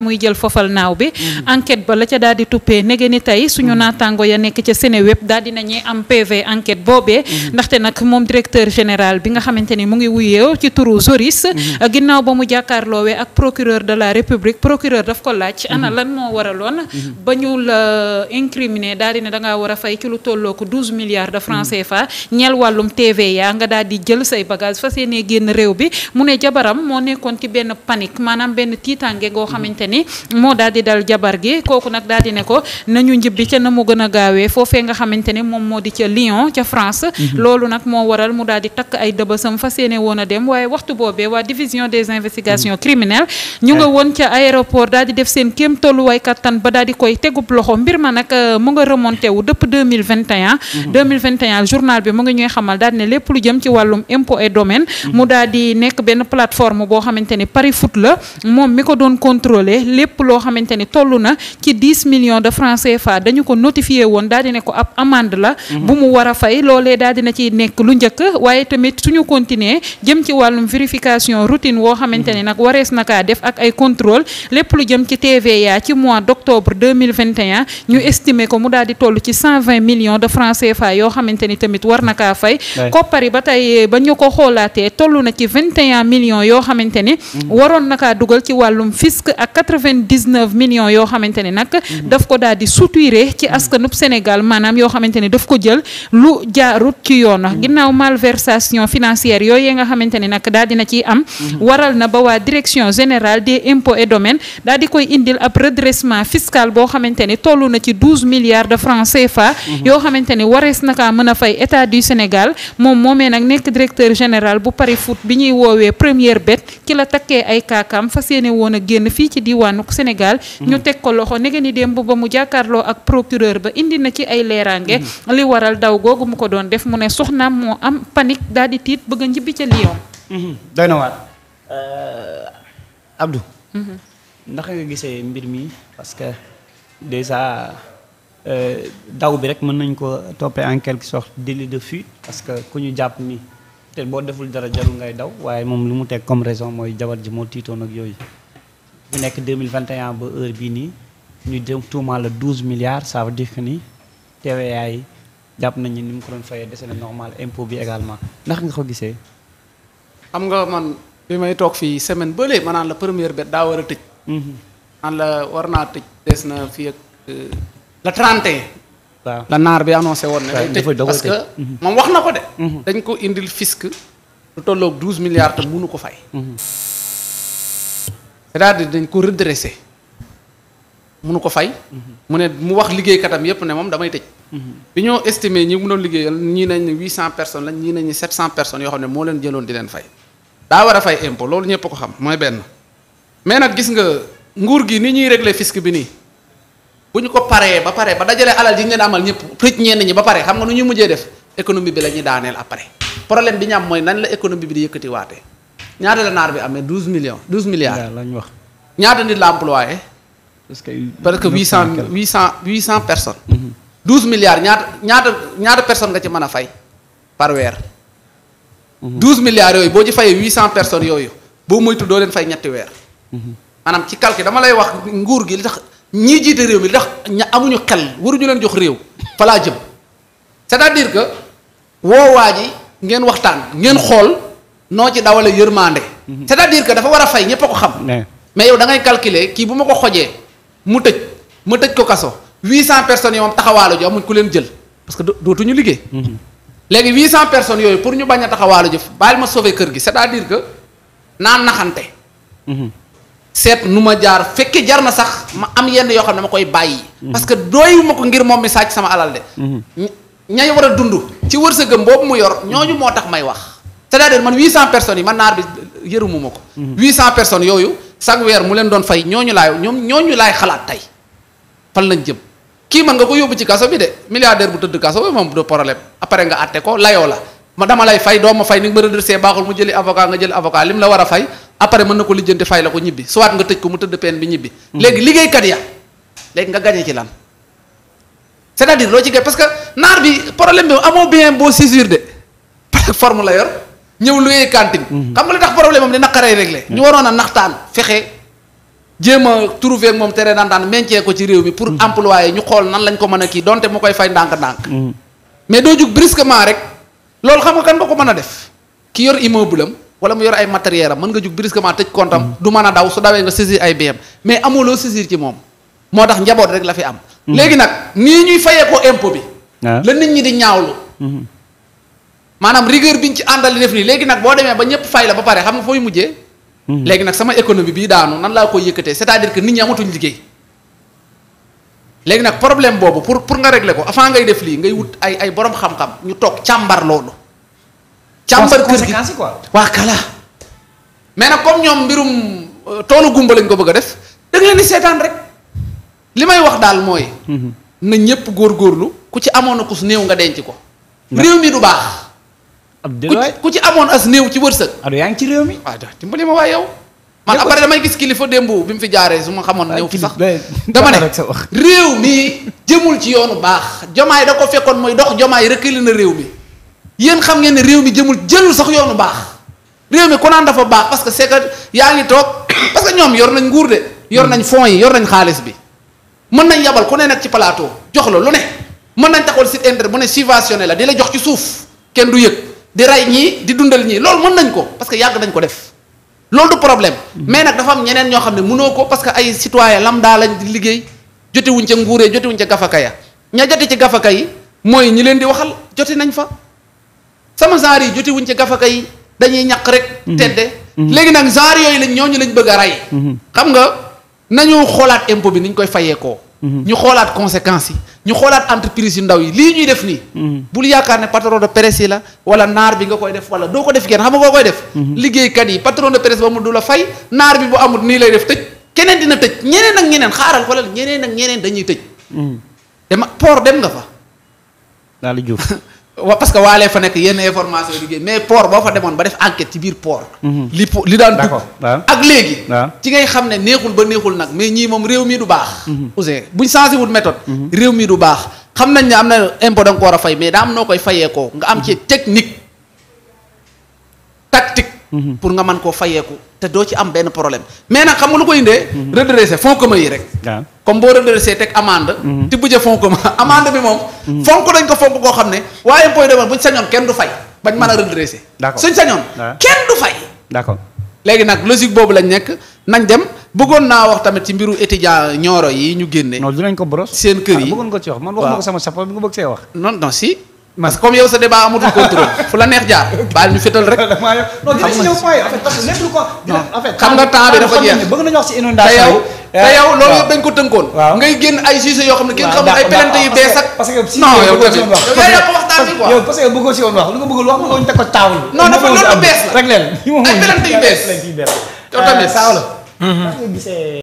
muy jël fofal naaw bi mm-hmm. enquête ba la ca daal di tuppee nege ni tey suñu mm-hmm. naataango ya nekk ca Seneweb daal di nañuy am PV enquête boobee mm-hmm. ndaxte nag moom directeur général bi nga xamante ni mu ngi wuyeew ci turu Zoris uh, ginnaaw ba mu jàkkaarloowee ak procureur de la République procureur daf ko laaj ana lan moo waraloon ba ñu la uh, incriminé daal di ne da ngaa war a fay ci lu tollooku douze milliards de francs fa ñeel wàllum yaa nga dal di jël say bagage fas yéenee génn réew bi ni moo daal di dal jabar gi kooku nag daal di ne ko nañu njibbi ca na mu gën a gaawee foofee nga xamante ne moom moo di ca Lyon ca France mhm. loolu nag moo waral mu daal di takk ay dëbësam fa yéene woon a dem waaye waxtu boobee waa division des investigations mhm. criminelles ñu nga woon ca aéroport daal di def seen kéem tolluwaay kattan ba daal di koy tegub loxo mbir ma nag euh, mu nga remonté wu dëpp 2021 2021 journal bi mu nga ñuy xamal daal di ne lépp lu jëm ci wàllum impôt et domaine mhm. mu daal di nekk benn plateforme boo xamante ni Paris Foot la moom jàppale lépp loo xamante ni toll na ci dix millions de francs CFA dañu ko notifié woon daal di ne ko ab amende la. Mhm. bu mu war a fay loolee daal di na nekk lu njëkk waaye tamit suñu continuer jëm ci wàllum vérification routine woo xamante ni mhm. nag warees na kaa def ak ay controle lépp lu jëm ci TVA ci mois d' octobre deux mille vingt et ñu mhm. estimé ko mu daal di toll ci cent vingt millions de francs CFA yoo xamante ni tamit war na kaa fay. koppari ba tey ba ñu ko xoolaatee toll na ci vingt millions yoo xamante quatre-vingt-dix-neuf millions yoo xamante ne nag mhm. daf ko daal di suturé ci mhm. askanub Sénégal maanaam yoo xamante ne daf ko jël lu jaarut ci yoon mhm. ginnaaw malversation financière yooyu nga xamante ne nag daal dina ciy am waral na ba waa direction général des impôts et domaines daal di koy indil ab redressement fiscal boo xamante ne toll na ci douze milliards de francs CFA yoo xamante ne warees nakaa mën a fay état du Sénégal moom moomee nag nekk directeur général bu Pari Foot bi ñuy woowee diwaanu Sénégal ñu mm-hmm. teg ko loxo nege ni démb ba mu jàkkaarloo ak procureur ba indi na ci ay leeraange mm-hmm. li waral daw googu mu ko doon def mu ne soxnaam moo am panique daal di tiit bëgg a njibbi ca Lyon mm-hmm. doy na euh, gisee mbir mi parce que déjà euh, daw bi rek mën nañ ko toppee en quelque sorte délit de fuite parce que ku ñu jàpp nii te boo deful dara jarul ngay daw waaye moom lu mu teg comme raison mooy jabar ji moo tiitoon ak yooyu bu nekk 2021 ba heure bii nii ñu dem la 12 milliards ça veut dire que ni TVA yi jàpp nañu ni mu ko doon fayee dese na normal impôt bi également ndax nga ko gisee. xam nga man bi may toog fii semaine bële ma naan la première bet daa war a tëj. Mhm. naan la war naa tëj des na fii ak euh, le 31. la naar bi annoncé woon ne. day tëj parce que mhm. moom wax na ko de. Mhm. dañ ko indil fisc. lu tolloog 12 milliards te mënu ko fay. cest à dañ ko redressé munu ko fay. Mhm. mu ne mu wax liggéeykatam yépp ne moom damay tëj. Mhm. bi ñoo estimé ñi mu doon liggéeyal ñii nañ huit cent personnes lañ ñii nañ sept cent personnes yoo xam ne moo leen jëloon di leen fay. daa war a fay impôt loolu ñépp ko xam mooy benn mais nag gis nga nguur gi ni ñuy régler fisc bi nii bu ñu ko paree ba pare ba dajale alal yi ñu leen amal ñépp tëj ñenn ñi ba pare xam nga nu ñuy mujjee def économie bi la ñuy daaneel après problème bi ñu am mooy nan la économie bi di yëkkatiwaatee. ñaata la naar bi amee douze millions douze milliards. lañ wax ñaata nit la employé. parce que parce que huit cent huit cent huit cent personnes. Mm-hmm. douze milliards ñaata ñaata ñaata personnes nga ci mën a fay par weer. Mm-hmm. douze milliards yooyu boo ci fayee huit cent personnes yooyu boo moytu doo leen fay ñetti weer. Mm-hmm. maanaam ci calcul dama lay wax nguur gi li tax ñii jiite réew mi li tax ña amuñu xel waruñu leen jox réew fa laa jëm c'est-à-dire que ji ngeen waxtaan ngeen xool. noo ci dawale yërmande. Mhm. c'est-à-dire que dafa war a fay ñëpp a ko xam. mais yow dangay ngay kii bu ma ko xojee mu tëj ma tëj ko kaso 800 personnes yi moom taxawaalu ji amuñ ku leen jël parce que dootuñu liggéey. Mhm. léegi 800 personnes yooyu pour ñu bañ a taxawaalu ji baal ma sauver kër gi c'est-à-dire que naa naxante. Mhm. seet nu ma jaar fekke jar na sax ma am yenn yoo xam ne ma koy bàyyi. parce que doyu ko ngir moom mi sàcc sama alal ñay war a dund ci wërsëgam boobu mu yor ñooñu moo tax may wax. c'est-à-dire man 800 personnes yi ma naar bi yërëmuma ko. 800 mhm. personnes yooyu chaque weer mu leen doon fay ñooñu laay ñoom ñooñu laay xalaat tey fan lañ jëm kii man nga ko yóbbu ci kaso bi de milliardaire bu tëdd kaso bi moom du problème après nga àtte ko layoo la ma dama lay fay doo ma fay ni nga ma redressé baaxul mu jëli avocat nga jël avocat lim la war a fay après mën na ko lijjanti fay la ko ñibbi soit nga tëj ko mu tëdd peine bi ñibbi. Mhm. léegi liggéeykat ya léegi nga gagné ci lan. cest loo ci gay parce que naar bi problème bi amoo bien boo saisir de plateforme la yor. ñëw luyee cantine. Mhm. xam nga li tax problème am di naqaree réglé. Mhm. ñu waroon a naxtaan fexe jéem a trouver moom terrain d'entente meññee ko ci réew mi pour mhm. employé ñu xool nan lañ ko mën a kii donte mu koy fay ndànk-ndànk. mais doo jug brusquement rek loolu xam nga kan nga ko mën a def ki yor immeuble am wala mu yor ay matériel am mën nga jug brusquement tëj kontam du mën a daw su dawee nga saisir ay biam mais amuloo saisir ci moom moo tax njaboot rek la fi am. léegi nag nii ñuy fayee ko impôt bi. Ah. la nit ñi di ñaawlu. maanaam rigueur bi ñu ci àndal def nii léegi nag boo demee ba ñëpp fay la ba pare xam nga fooy mujjee. Hmm. léegi nag sama économie bii daanu nan laa koy yëkkatee c'est-à-dire que nit ñi amatuñ liggéey. léegi nag problème boobu pour pour nga régler ko avant ngay def lii ngay wut ay ay borom xam-xam ñu toog càmbar loolu. càmbar kër gi waa kala mais nag comme ñoom mbirum euh, toolu gumba lañ ko bëgg a def da nga leen di seetaan rek li may wax daal mooy. Hmm. na ñëpp góorgóorlu ku ci amoon na kus néew nga denc ko. réew du baax. ku ci amoon as néew ci wërsëg. Abdou yaa ngi ci réew mi. waaw dimbali ma waaye yow. man après damay gis kilifa démb bi mu fi jaaree su ma xamoon néew fi sax dama ne réew mi jëmul ci yoonu baax jomaay da ko fekkoon mooy dox jomaay rëkkali na réew mi yéen xam ngeen ne réew mi jëmul jëlul sax yoonu baax réew mi ku naan dafa baax parce que c'est yaa ngi toog parce que ñoom yor nañ nguur de yor hmm. nañ fonds yi yor nañ xaalis bi mën nañ yabal ku ne nag ci plateau jox la lu ne mën nañ taxoon si internet bu ne subventionné la di la jox ci suuf kenn du yëg di rey ñii di dundal ñii loolu mën nañ ko parce que yàgg nañ ko def loolu du problème mais nag dafa am ñeneen ñoo xam ne mënoo ko parce que ay citoyen lambda lañ di liggéey jotewuñ ca nguuree jotewuñ ca gafaka ña jote ci gafaka yi mooy ñi leen di waxal jote nañ fa sama genre yi jotewuñ ca gafaka dañuy ñaq rek mhm. tedde mhm. léegi nag genre yooyu lañ ñooñu lañ bëgg a rey mhm. xam nga nañu xoolaat impôt bi ni ñu koy fayee koo ñu xoolaat conséquence yi ñu xoolaat entreprise yu ndaw yi lii ñuy def nii. Mhm. bul yaakaar ne patron de yi la wala naar bi nga koy def wala doo ko def kenn xam nga koo koy def. Mhm. liggéeykat yi patron de presse ba mu du fay naar bi bu amul nii lay def tëj keneen dina tëj ñeneen ak ñeneen xaaral xoolal ñeneen ak ñeneen dañuy tëj. Mhm. dama port dem nga fa. daal di wa parce que waalee fa nekk yenn information yi mais port boo fa demoon ba def enquête ci biir port. Mhm. li po li daan dugg ak léegi. ci ngay xam ne neexul ba neexul nag mais ñii moom réew mii du baax. Mhm. Ousseyn buñ changé wul méthode. Mhm. réew mii du baax xam nañ ne am na important da war a fay mais daa am noo koy fayeekoo nga am ci technique tactique. pour nga mën koo fayeeku te doo ci am benn problème mais nag xam nga lu koy indee. redresser fonds communs yi rek. comme boo redressé teg amande mhm. ti bujje fonk ma mhm. amande bi moom mhm. fonk dañ ko fonk koo xam ne waaye impôt yi demoon buñ sañoon kenn du fay bañ mën a redressé suñ sañoon kenn du fay léegi nag logique boobu lañ nekk nañ dem bëggoon naa wax tamit ci mbiru étudiant ñooro yi ñu génne non dinañ ko boros seen kër ah, yi bëggoon ko ci wax man wax ma ko sama sapa bi nga bëgg see wax non non si comme yow sa débat amatul contrôle fu la neex jaar baal ñu fétal rek. xam nga temps te yow loolu yëpp dañ ko tënkoon. ngay génn ay Cissé yoo xam ne kenn xamul ay pelante yu bees ak. parce que Cissé yow bëggoo wax parce que bëggoo ci wax lu nga bëggul wax nga ko taawul. non dafa loolu bees la ay pelante yu bees euh, yow tamit saaw